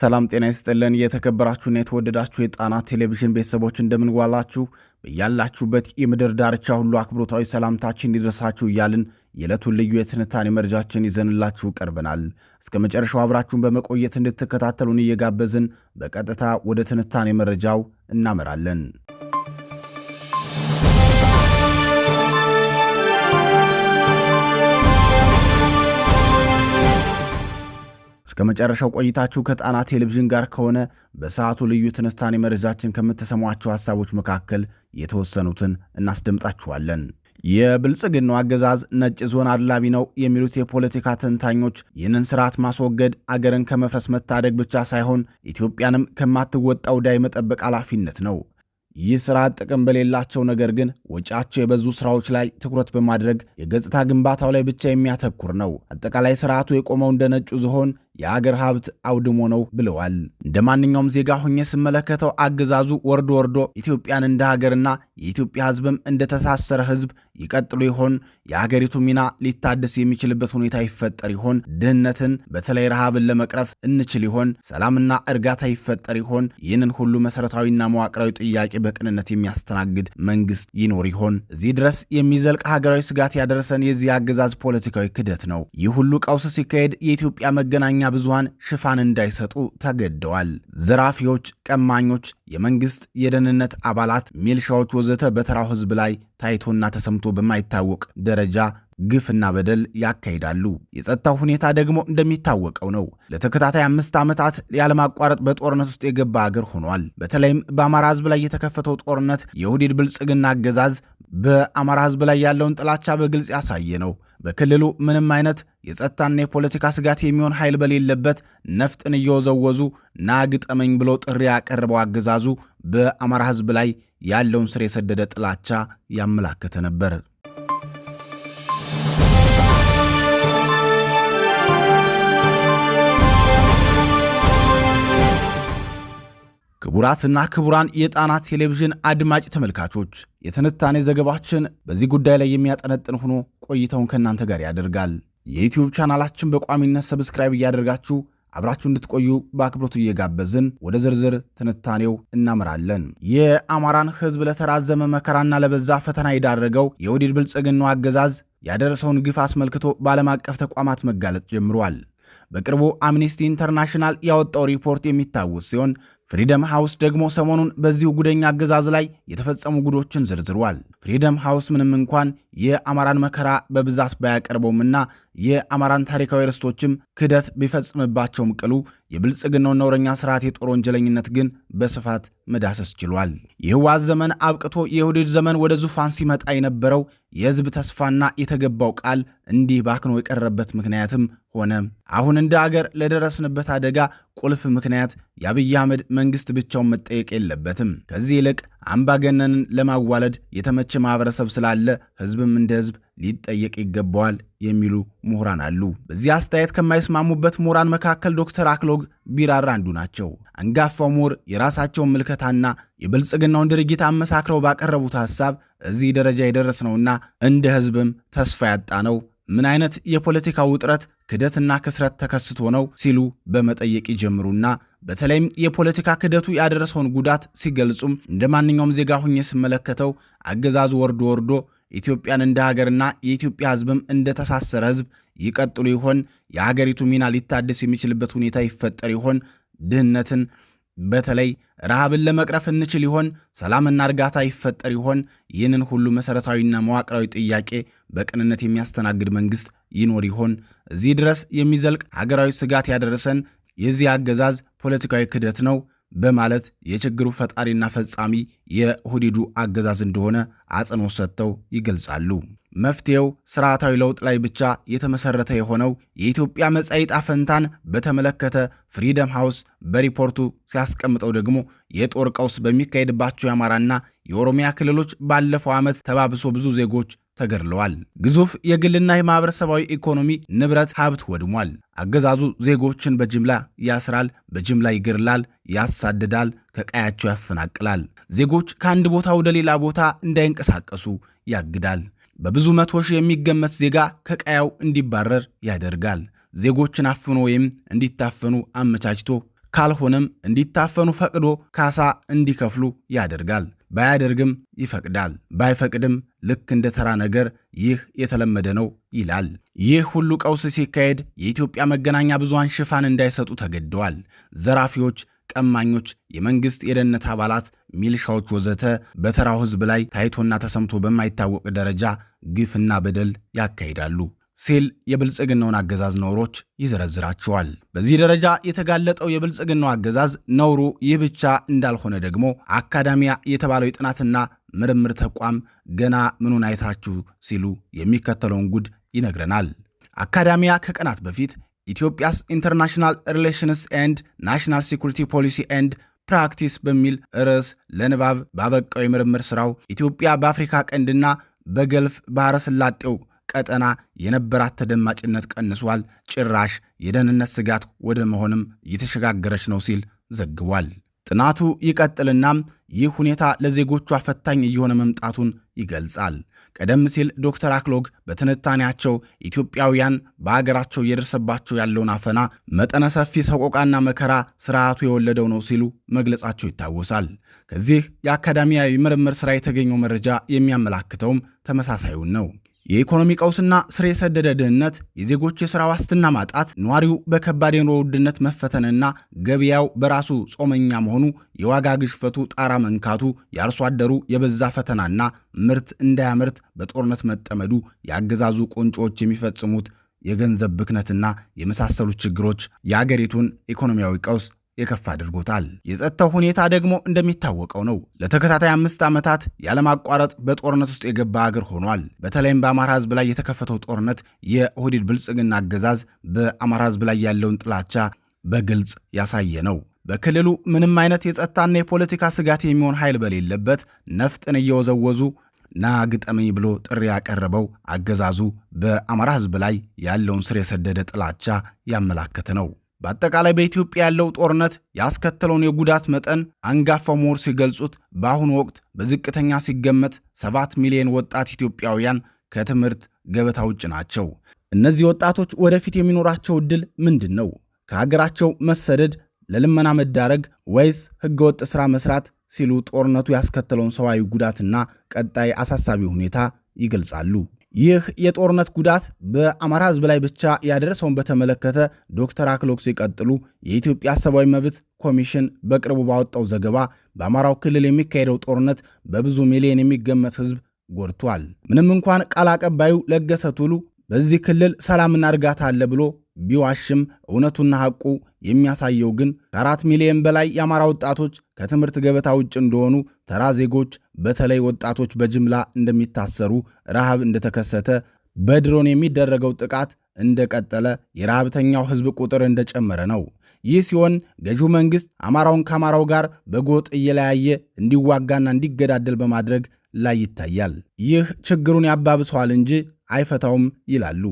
ሰላም ጤና ይስጥልን። የተከበራችሁና የተወደዳችሁ የጣና ቴሌቪዥን ቤተሰቦች እንደምንጓላችሁ፣ በያላችሁበት የምድር ዳርቻ ሁሉ አክብሮታዊ ሰላምታችን እንዲደርሳችሁ እያልን የዕለቱን ልዩ የትንታኔ መረጃችን ይዘንላችሁ ቀርበናል። እስከ መጨረሻው አብራችሁን በመቆየት እንድትከታተሉን እየጋበዝን በቀጥታ ወደ ትንታኔ መረጃው እናመራለን። እስከ መጨረሻው ቆይታችሁ ከጣና ቴሌቪዥን ጋር ከሆነ በሰዓቱ ልዩ ትንታኔ መረጃችን ከምትሰሟቸው ሐሳቦች መካከል የተወሰኑትን እናስደምጣችኋለን። የብልጽግናው አገዛዝ ነጭ ዞን አድላቢ ነው የሚሉት የፖለቲካ ተንታኞች ይህንን ስርዓት ማስወገድ አገርን ከመፍረስ መታደግ ብቻ ሳይሆን ኢትዮጵያንም ከማትወጣው ዕዳ የመጠበቅ ኃላፊነት ነው። ይህ ስርዓት ጥቅም በሌላቸው ነገር ግን ወጪያቸው የበዙ ስራዎች ላይ ትኩረት በማድረግ የገጽታ ግንባታው ላይ ብቻ የሚያተኩር ነው። አጠቃላይ ስርዓቱ የቆመው እንደ ነጩ ዝሆን የአገር ሀብት አውድሞ ነው ብለዋል። እንደ ማንኛውም ዜጋ ሆኜ ስመለከተው አገዛዙ ወርዶ ወርዶ ኢትዮጵያን እንደ ሀገርና የኢትዮጵያ ሕዝብም እንደተሳሰረ ሕዝብ ይቀጥሉ ይሆን? የአገሪቱ ሚና ሊታደስ የሚችልበት ሁኔታ ይፈጠር ይሆን? ድህነትን በተለይ ረሃብን ለመቅረፍ እንችል ይሆን? ሰላምና እርጋታ ይፈጠር ይሆን? ይህንን ሁሉ መሰረታዊና መዋቅራዊ ጥያቄ በቅንነት የሚያስተናግድ መንግስት ይኖር ይሆን? እዚህ ድረስ የሚዘልቅ ሀገራዊ ስጋት ያደረሰን የዚህ አገዛዝ ፖለቲካዊ ክደት ነው። ይህ ሁሉ ቀውስ ሲካሄድ የኢትዮጵያ መገናኛ ብዙሃን ሽፋን እንዳይሰጡ ተገደዋል። ዘራፊዎች፣ ቀማኞች፣ የመንግስት የደህንነት አባላት፣ ሚልሻዎች ወዘተ በተራው ህዝብ ላይ ታይቶና ተሰምቶ በማይታወቅ ደረጃ ግፍና በደል ያካሂዳሉ። የጸጥታው ሁኔታ ደግሞ እንደሚታወቀው ነው። ለተከታታይ አምስት ዓመታት ያለማቋረጥ በጦርነት ውስጥ የገባ አገር ሆኗል። በተለይም በአማራ ሕዝብ ላይ የተከፈተው ጦርነት የውዲድ ብልጽግና አገዛዝ በአማራ ሕዝብ ላይ ያለውን ጥላቻ በግልጽ ያሳየ ነው። በክልሉ ምንም አይነት የጸጥታና የፖለቲካ ስጋት የሚሆን ኃይል በሌለበት ነፍጥን እየወዘወዙ ናግጠመኝ ብሎ ጥሪ ያቀረበው አገዛዙ በአማራ ሕዝብ ላይ ያለውን ስር የሰደደ ጥላቻ ያመላከተ ነበር። ክቡራትና ክቡራን የጣና ቴሌቪዥን አድማጭ ተመልካቾች የትንታኔ ዘገባችን በዚህ ጉዳይ ላይ የሚያጠነጥን ሆኖ ቆይታውን ከእናንተ ጋር ያደርጋል። የዩትዩብ ቻናላችን በቋሚነት ሰብስክራይብ እያደርጋችሁ አብራችሁ እንድትቆዩ በአክብሮት እየጋበዝን ወደ ዝርዝር ትንታኔው እናመራለን። የአማራን ሕዝብ ለተራዘመ መከራና ለበዛ ፈተና የዳረገው የወዲድ ብልጽግናው አገዛዝ ያደረሰውን ግፍ አስመልክቶ በዓለም አቀፍ ተቋማት መጋለጥ ጀምሯል። በቅርቡ አምኒስቲ ኢንተርናሽናል ያወጣው ሪፖርት የሚታወስ ሲሆን ፍሪደም ሃውስ ደግሞ ሰሞኑን በዚሁ ጉደኛ አገዛዝ ላይ የተፈጸሙ ጉዶችን ዘርዝሯል። ፍሪደም ሃውስ ምንም እንኳን የአማራን መከራ በብዛት ባያቀርበውምና የአማራን ታሪካዊ ርስቶችም ክደት ቢፈጽምባቸውም ቅሉ የብልጽግናው ነውረኛ ስርዓት የጦር ወንጀለኝነት ግን በስፋት መዳሰስ ችሏል። የህወሓት ዘመን አብቅቶ የኦህዴድ ዘመን ወደ ዙፋን ሲመጣ የነበረው የህዝብ ተስፋና የተገባው ቃል እንዲህ ባክኖ የቀረበት ምክንያትም ሆነ አሁን እንደ አገር ለደረስንበት አደጋ ቁልፍ ምክንያት የአብይ አህመድ መንግስት ብቻውን መጠየቅ የለበትም። ከዚህ ይልቅ አምባገነንን ለማዋለድ የተመቸ ማህበረሰብ ስላለ ህዝብም እንደ ህዝብ ሊጠየቅ ይገባዋል የሚሉ ምሁራን አሉ። በዚህ አስተያየት ከማይስማሙበት ምሁራን መካከል ዶክተር አክሎግ ቢራራ አንዱ ናቸው። አንጋፋው ምሁር የራሳቸውን ምልከታና የብልጽግናውን ድርጊት አመሳክረው ባቀረቡት ሐሳብ እዚህ ደረጃ የደረስነውና እንደ ሕዝብም ተስፋ ያጣ ነው ምን አይነት የፖለቲካ ውጥረት ክደትና ክስረት ተከስቶ ነው ሲሉ በመጠየቅ ይጀምሩና በተለይም የፖለቲካ ክደቱ ያደረሰውን ጉዳት ሲገልጹም እንደ ማንኛውም ዜጋ ሁኜ ስመለከተው አገዛዙ ወርዶ ወርዶ ኢትዮጵያን እንደ ሀገርና የኢትዮጵያ ሕዝብም እንደ ተሳሰረ ሕዝብ ይቀጥሉ ይሆን? የሀገሪቱ ሚና ሊታደስ የሚችልበት ሁኔታ ይፈጠር ይሆን? ድህነትን በተለይ ረሃብን ለመቅረፍ እንችል ይሆን? ሰላምና እርጋታ ይፈጠር ይሆን? ይህንን ሁሉ መሠረታዊና መዋቅራዊ ጥያቄ በቅንነት የሚያስተናግድ መንግሥት ይኖር ይሆን? እዚህ ድረስ የሚዘልቅ ሀገራዊ ስጋት ያደረሰን የዚህ አገዛዝ ፖለቲካዊ ክደት ነው። በማለት የችግሩ ፈጣሪና ፈጻሚ የሁዲዱ አገዛዝ እንደሆነ አጽንኦት ሰጥተው ይገልጻሉ። መፍትሄው ስርዓታዊ ለውጥ ላይ ብቻ የተመሰረተ የሆነው የኢትዮጵያ መጻኢ ዕጣ ፈንታን በተመለከተ ፍሪደም ሃውስ በሪፖርቱ ሲያስቀምጠው ደግሞ የጦር ቀውስ በሚካሄድባቸው የአማራና የኦሮሚያ ክልሎች ባለፈው ዓመት ተባብሶ ብዙ ዜጎች ተገድለዋል። ግዙፍ የግልና የማህበረሰባዊ ኢኮኖሚ ንብረት ሀብት ወድሟል። አገዛዙ ዜጎችን በጅምላ ያስራል፣ በጅምላ ይገድላል፣ ያሳድዳል፣ ከቀያቸው ያፈናቅላል። ዜጎች ከአንድ ቦታ ወደ ሌላ ቦታ እንዳይንቀሳቀሱ ያግዳል። በብዙ መቶ ሺህ የሚገመት ዜጋ ከቀያው እንዲባረር ያደርጋል። ዜጎችን አፍኖ ወይም እንዲታፈኑ አመቻችቶ ካልሆነም እንዲታፈኑ ፈቅዶ ካሳ እንዲከፍሉ ያደርጋል። ባያደርግም ይፈቅዳል፣ ባይፈቅድም ልክ እንደ ተራ ነገር ይህ የተለመደ ነው ይላል። ይህ ሁሉ ቀውስ ሲካሄድ የኢትዮጵያ መገናኛ ብዙሃን ሽፋን እንዳይሰጡ ተገደዋል። ዘራፊዎች፣ ቀማኞች፣ የመንግሥት የደህንነት አባላት፣ ሚልሻዎች፣ ወዘተ በተራው ሕዝብ ላይ ታይቶና ተሰምቶ በማይታወቅ ደረጃ ግፍና በደል ያካሂዳሉ። ሲል የብልጽግናውን አገዛዝ ነውሮች ይዘረዝራቸዋል። በዚህ ደረጃ የተጋለጠው የብልጽግናው አገዛዝ ነውሩ ይህ ብቻ እንዳልሆነ ደግሞ አካዳሚያ የተባለው የጥናትና ምርምር ተቋም ገና ምኑን አይታችሁ ሲሉ የሚከተለውን ጉድ ይነግረናል። አካዳሚያ ከቀናት በፊት ኢትዮጵያስ ኢንተርናሽናል ሪሌሽንስ ኤንድ ናሽናል ሴኩሪቲ ፖሊሲ ኤንድ ፕራክቲስ በሚል ርዕስ ለንባብ ባበቃው የምርምር ሥራው ኢትዮጵያ በአፍሪካ ቀንድና በገልፍ ባሕረ ሰላጤው ቀጠና የነበራት ተደማጭነት ቀንሷል፣ ጭራሽ የደህንነት ስጋት ወደ መሆንም እየተሸጋገረች ነው ሲል ዘግቧል። ጥናቱ ይቀጥልና ይህ ሁኔታ ለዜጎቿ ፈታኝ እየሆነ መምጣቱን ይገልጻል። ቀደም ሲል ዶክተር አክሎግ በትንታኔያቸው ኢትዮጵያውያን በአገራቸው እየደረሰባቸው ያለውን አፈና፣ መጠነ ሰፊ ሰቆቃና መከራ ስርዓቱ የወለደው ነው ሲሉ መግለጻቸው ይታወሳል። ከዚህ የአካዳሚያዊ ምርምር ሥራ የተገኘው መረጃ የሚያመላክተውም ተመሳሳዩን ነው። የኢኮኖሚ ቀውስና ስር የሰደደ ድህነት፣ የዜጎች የሥራ ዋስትና ማጣት፣ ነዋሪው በከባድ የኑሮ ውድነት መፈተንና ገበያው በራሱ ጾመኛ መሆኑ፣ የዋጋ ግሽፈቱ ጣራ መንካቱ፣ የአርሶ አደሩ የበዛ ፈተናና ምርት እንዳያመርት በጦርነት መጠመዱ፣ የአገዛዙ ቁንጮዎች የሚፈጽሙት የገንዘብ ብክነትና የመሳሰሉት ችግሮች የአገሪቱን ኢኮኖሚያዊ ቀውስ የከፍ አድርጎታል። የጸጥታው ሁኔታ ደግሞ እንደሚታወቀው ነው። ለተከታታይ አምስት ዓመታት ያለማቋረጥ በጦርነት ውስጥ የገባ አገር ሆኗል። በተለይም በአማራ ህዝብ ላይ የተከፈተው ጦርነት የኦህዴድ ብልጽግና አገዛዝ በአማራ ህዝብ ላይ ያለውን ጥላቻ በግልጽ ያሳየ ነው። በክልሉ ምንም አይነት የጸጥታና የፖለቲካ ስጋት የሚሆን ኃይል በሌለበት ነፍጥን እየወዘወዙ ና ግጠመኝ ብሎ ጥሪ ያቀረበው አገዛዙ በአማራ ህዝብ ላይ ያለውን ስር የሰደደ ጥላቻ ያመላከተ ነው። በአጠቃላይ በኢትዮጵያ ያለው ጦርነት ያስከተለውን የጉዳት መጠን አንጋፋው ሞር ሲገልጹት በአሁኑ ወቅት በዝቅተኛ ሲገመት ሰባት ሚሊዮን ወጣት ኢትዮጵያውያን ከትምህርት ገበታ ውጭ ናቸው። እነዚህ ወጣቶች ወደፊት የሚኖራቸው እድል ምንድን ነው? ከሀገራቸው መሰደድ፣ ለልመና መዳረግ ወይስ ህገወጥ ሥራ መስራት ሲሉ ጦርነቱ ያስከተለውን ሰዋዊ ጉዳትና ቀጣይ አሳሳቢ ሁኔታ ይገልጻሉ። ይህ የጦርነት ጉዳት በአማራ ህዝብ ላይ ብቻ ያደረሰውን በተመለከተ ዶክተር አክሎክ ሲቀጥሉ የኢትዮጵያ ሰብአዊ መብት ኮሚሽን በቅርቡ ባወጣው ዘገባ በአማራው ክልል የሚካሄደው ጦርነት በብዙ ሚሊዮን የሚገመት ህዝብ ጎድቷል። ምንም እንኳን ቃል አቀባዩ ለገሰ ቱሉ በዚህ ክልል ሰላምና እርጋታ አለ ብሎ ቢዋሽም እውነቱና ሐቁ የሚያሳየው ግን ከአራት ሚሊዮን በላይ የአማራ ወጣቶች ከትምህርት ገበታ ውጭ እንደሆኑ ተራ ዜጎች በተለይ ወጣቶች በጅምላ እንደሚታሰሩ፣ ረሃብ እንደተከሰተ፣ በድሮን የሚደረገው ጥቃት እንደቀጠለ፣ የረሃብተኛው ሕዝብ ቁጥር እንደጨመረ ነው። ይህ ሲሆን ገዢው መንግሥት አማራውን ከአማራው ጋር በጎጥ እየለያየ እንዲዋጋና እንዲገዳደል በማድረግ ላይ ይታያል። ይህ ችግሩን ያባብሰዋል እንጂ አይፈታውም ይላሉ።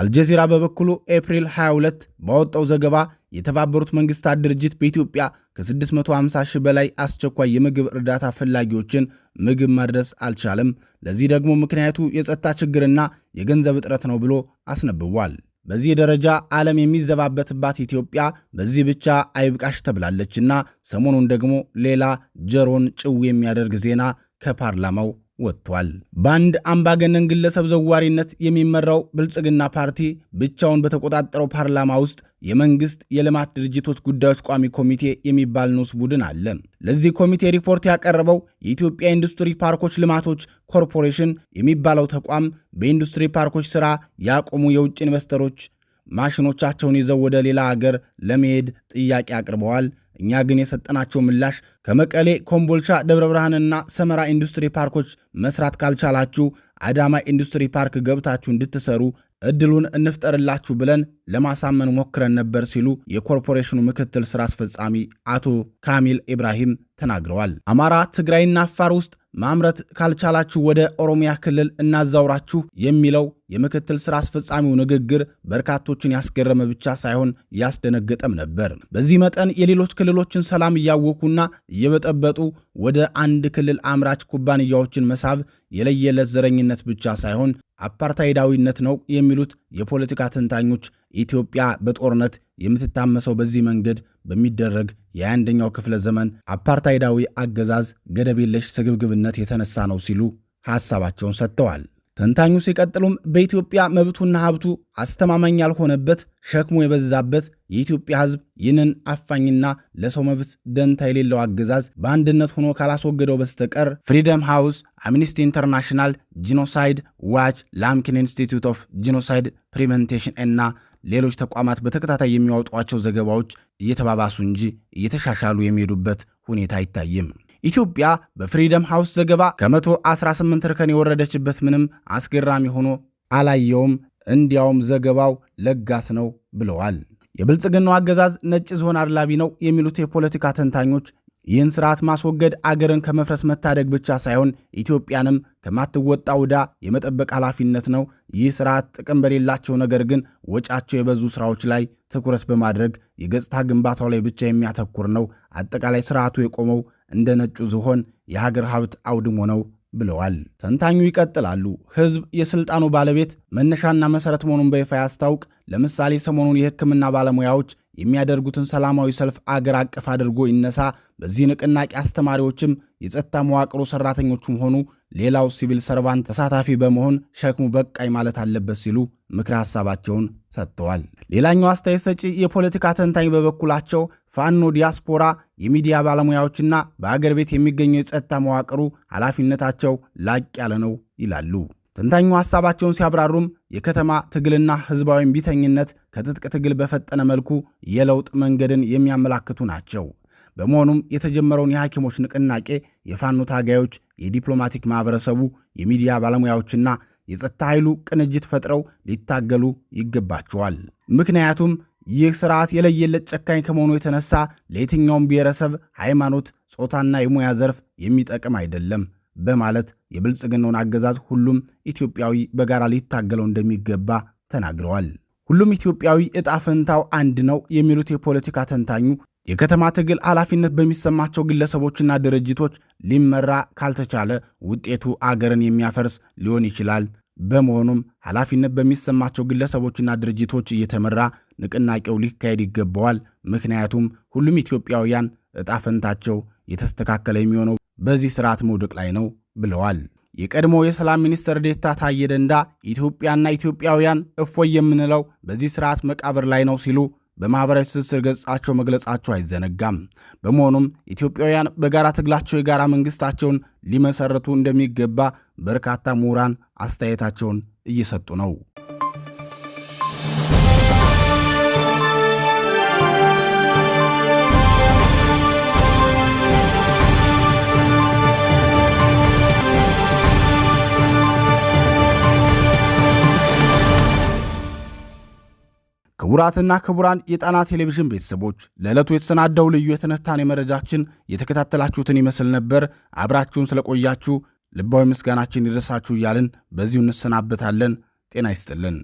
አልጀዚራ በበኩሉ ኤፕሪል 22 ባወጣው ዘገባ የተባበሩት መንግስታት ድርጅት በኢትዮጵያ ከ650 ሺህ በላይ አስቸኳይ የምግብ እርዳታ ፈላጊዎችን ምግብ ማድረስ አልቻለም፣ ለዚህ ደግሞ ምክንያቱ የጸጥታ ችግርና የገንዘብ እጥረት ነው ብሎ አስነብቧል። በዚህ ደረጃ ዓለም የሚዘባበትባት ኢትዮጵያ በዚህ ብቻ አይብቃሽ ተብላለችና ሰሞኑን ደግሞ ሌላ ጀሮን ጭው የሚያደርግ ዜና ከፓርላማው ወጥቷል። በአንድ አምባገነን ግለሰብ ዘዋሪነት የሚመራው ብልጽግና ፓርቲ ብቻውን በተቆጣጠረው ፓርላማ ውስጥ የመንግስት የልማት ድርጅቶች ጉዳዮች ቋሚ ኮሚቴ የሚባል ንዑስ ቡድን አለ። ለዚህ ኮሚቴ ሪፖርት ያቀረበው የኢትዮጵያ ኢንዱስትሪ ፓርኮች ልማቶች ኮርፖሬሽን የሚባለው ተቋም በኢንዱስትሪ ፓርኮች ሥራ ያቆሙ የውጭ ኢንቨስተሮች ማሽኖቻቸውን ይዘው ወደ ሌላ አገር ለመሄድ ጥያቄ አቅርበዋል። እኛ ግን የሰጠናቸው ምላሽ ከመቀሌ፣ ኮምቦልቻ፣ ደብረ ብርሃንና ሰመራ ኢንዱስትሪ ፓርኮች መስራት ካልቻላችሁ አዳማ ኢንዱስትሪ ፓርክ ገብታችሁ እንድትሰሩ እድሉን እንፍጠርላችሁ ብለን ለማሳመን ሞክረን ነበር ሲሉ የኮርፖሬሽኑ ምክትል ስራ አስፈጻሚ አቶ ካሚል ኢብራሂም ተናግረዋል። አማራ፣ ትግራይና አፋር ውስጥ ማምረት ካልቻላችሁ ወደ ኦሮሚያ ክልል እናዛውራችሁ የሚለው የምክትል ስራ አስፈጻሚው ንግግር በርካቶችን ያስገረመ ብቻ ሳይሆን ያስደነገጠም ነበር። በዚህ መጠን የሌሎች ክልሎችን ሰላም እያወኩና እየበጠበጡ ወደ አንድ ክልል አምራች ኩባንያዎችን መሳብ የለየለት ዘረኝነት ዘረኝነት ብቻ ሳይሆን አፓርታይዳዊነት ነው የሚሉት የፖለቲካ ተንታኞች ኢትዮጵያ በጦርነት የምትታመሰው በዚህ መንገድ በሚደረግ የአንደኛው ክፍለ ዘመን አፓርታይዳዊ አገዛዝ ገደብ የለሽ ስግብግብነት የተነሳ ነው ሲሉ ሐሳባቸውን ሰጥተዋል። ተንታኙ ሲቀጥሉም በኢትዮጵያ መብቱና ሀብቱ አስተማማኝ ያልሆነበት ሸክሙ የበዛበት የኢትዮጵያ ሕዝብ ይህንን አፋኝና ለሰው መብት ደንታ የሌለው አገዛዝ በአንድነት ሆኖ ካላስወገደው በስተቀር ፍሪደም ሃውስ፣ አምኒስቲ ኢንተርናሽናል፣ ጂኖሳይድ ዋች፣ ላምኪን ኢንስቲትዩት ኦፍ ጂኖሳይድ ፕሪቨንቴሽን እና ሌሎች ተቋማት በተከታታይ የሚያወጧቸው ዘገባዎች እየተባባሱ እንጂ እየተሻሻሉ የሚሄዱበት ሁኔታ አይታይም። ኢትዮጵያ በፍሪደም ሃውስ ዘገባ ከ118 እርከን የወረደችበት ምንም አስገራሚ ሆኖ አላየውም፣ እንዲያውም ዘገባው ለጋስ ነው ብለዋል። የብልጽግናው አገዛዝ ነጭ ዝሆን አድላቢ ነው የሚሉት የፖለቲካ ተንታኞች ይህን ስርዓት ማስወገድ አገርን ከመፍረስ መታደግ ብቻ ሳይሆን ኢትዮጵያንም ከማትወጣ ዕዳ የመጠበቅ ኃላፊነት ነው። ይህ ስርዓት ጥቅም በሌላቸው ነገር ግን ወጫቸው የበዙ ስራዎች ላይ ትኩረት በማድረግ የገጽታ ግንባታው ላይ ብቻ የሚያተኩር ነው። አጠቃላይ ስርዓቱ የቆመው እንደ ነጩ ዝሆን የሀገር ሀብት አውድሞ ነው ብለዋል። ተንታኙ ይቀጥላሉ። ህዝብ የስልጣኑ ባለቤት መነሻና መሰረት መሆኑን በይፋ ያስታውቅ። ለምሳሌ ሰሞኑን የሕክምና ባለሙያዎች የሚያደርጉትን ሰላማዊ ሰልፍ አገር አቀፍ አድርጎ ይነሳ። በዚህ ንቅናቄ አስተማሪዎችም፣ የጸጥታ መዋቅሩ ሰራተኞቹም ሆኑ ሌላው ሲቪል ሰርቫንት ተሳታፊ በመሆን ሸክሙ በቃኝ ማለት አለበት ሲሉ ምክረ ሐሳባቸውን ሰጥተዋል። ሌላኛው አስተያየት ሰጪ የፖለቲካ ተንታኝ በበኩላቸው ፋኖ፣ ዲያስፖራ፣ የሚዲያ ባለሙያዎችና በአገር ቤት የሚገኘው የጸጥታ መዋቅሩ ኃላፊነታቸው ላቅ ያለ ነው ይላሉ። ተንታኙ ሐሳባቸውን ሲያብራሩም የከተማ ትግልና ሕዝባዊ እምቢተኝነት ከትጥቅ ትግል በፈጠነ መልኩ የለውጥ መንገድን የሚያመላክቱ ናቸው። በመሆኑም የተጀመረውን የሐኪሞች ንቅናቄ የፋኖ ታጋዮች፣ የዲፕሎማቲክ ማኅበረሰቡ፣ የሚዲያ ባለሙያዎችና የጸጥታ ኃይሉ ቅንጅት ፈጥረው ሊታገሉ ይገባቸዋል። ምክንያቱም ይህ ስርዓት የለየለት ጨካኝ ከመሆኑ የተነሳ ለየትኛውም ብሔረሰብ፣ ሃይማኖት፣ ጾታና የሙያ ዘርፍ የሚጠቅም አይደለም በማለት የብልጽግናውን አገዛዝ ሁሉም ኢትዮጵያዊ በጋራ ሊታገለው እንደሚገባ ተናግረዋል። ሁሉም ኢትዮጵያዊ እጣ ፈንታው አንድ ነው የሚሉት የፖለቲካ ተንታኙ የከተማ ትግል ኃላፊነት በሚሰማቸው ግለሰቦችና ድርጅቶች ሊመራ ካልተቻለ ውጤቱ አገርን የሚያፈርስ ሊሆን ይችላል። በመሆኑም ኃላፊነት በሚሰማቸው ግለሰቦችና ድርጅቶች እየተመራ ንቅናቄው ሊካሄድ ይገባዋል። ምክንያቱም ሁሉም ኢትዮጵያውያን እጣፈንታቸው ፈንታቸው የተስተካከለ የሚሆነው በዚህ ስርዓት መውደቅ ላይ ነው ብለዋል። የቀድሞ የሰላም ሚኒስትር ዴታ ታዬ ደንዳ ኢትዮጵያና ኢትዮጵያውያን እፎይ የምንለው በዚህ ስርዓት መቃብር ላይ ነው ሲሉ በማኅበራዊ ትስስር ገጻቸው መግለጻቸው አይዘነጋም። በመሆኑም ኢትዮጵያውያን በጋራ ትግላቸው የጋራ መንግሥታቸውን ሊመሠረቱ እንደሚገባ በርካታ ምሁራን አስተያየታቸውን እየሰጡ ነው። ክቡራትና ክቡራን የጣና ቴሌቪዥን ቤተሰቦች ለዕለቱ የተሰናዳው ልዩ የትንታኔ መረጃችን የተከታተላችሁትን ይመስል ነበር። አብራችሁን ስለቆያችሁ ልባዊ ምስጋናችን ይድረሳችሁ እያልን በዚሁ እንሰናበታለን። ጤና ይስጥልን።